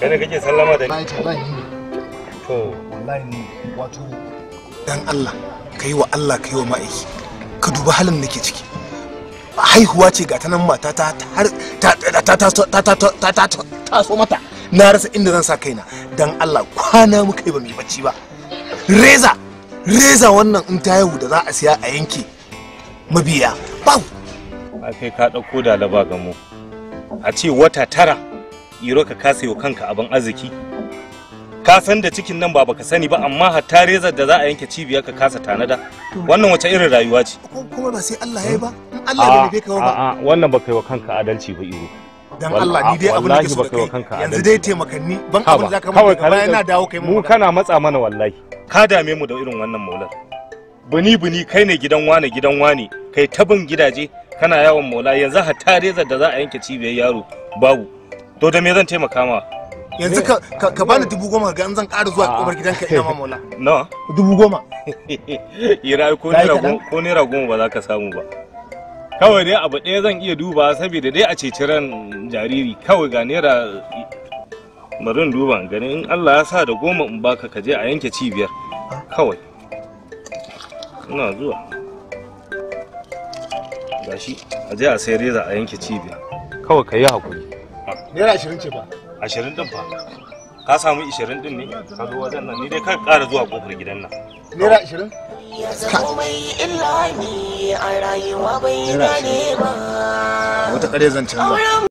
kai ne sallama da ni to wato dan Allah yi wa Allah yi wa ma'aiki ka duba halin nake ciki haihuwa ce ga ta nan mata ta har ta ta ta ta ta taso mata na rasa inda zan sa kaina dan Allah kwana muka yi ba mai bacci ba reza reza wannan in ta yahu da za a siya a yanke mabiya babu a kai ka ɗauko da laba ga mu a ce wata tara tsiro ka kasa wa kanka abin arziki ka san da cikin nan ba baka sani ba amma hatta rezar da za a yanke cibiya ka kasa tanada wannan wace irin rayuwa ce kuma ba sai Allah yayi ba in Allah bai kawo ba a'a wannan baka yi wa kanka adalci ba iro dan Allah ni dai abin da kake so kai yanzu dai taimakanni ban abin da zaka mun bayan yana dawo kai mu kana matsa mana wallahi ka dame mu da irin wannan maular buni buni kai ne gidan wane gidan wane kai tabin gidaje kana yawon maula yanzu hatta rezar da za a yanke cibiyar yaro babu to da me zan taimaka ma yanzu ka bani dubu goma ga zan ƙara zuwa ah. ƙobar gidanka ina ma maula na dubu goma ira ko naira ko naira goma ba za ka samu ba kawai dai abu ɗaya zan iya duba saboda dai a ceci ran jariri kawai ga naira bari duba gani in Allah ya sa da goma in baka ka je a yanke cibiyar kawai ina zuwa gashi a je a sai reza a yanke cibiyar kawai ka yi hakuri naira ashirin ce fa. ashirin din fa ka samu ashirin din ne ka zo wajen nan ni dai kan ƙara zuwa kofar gidan nan naira ashirin ya zama a rayuwa bai gane ba wata ƙare zancen ba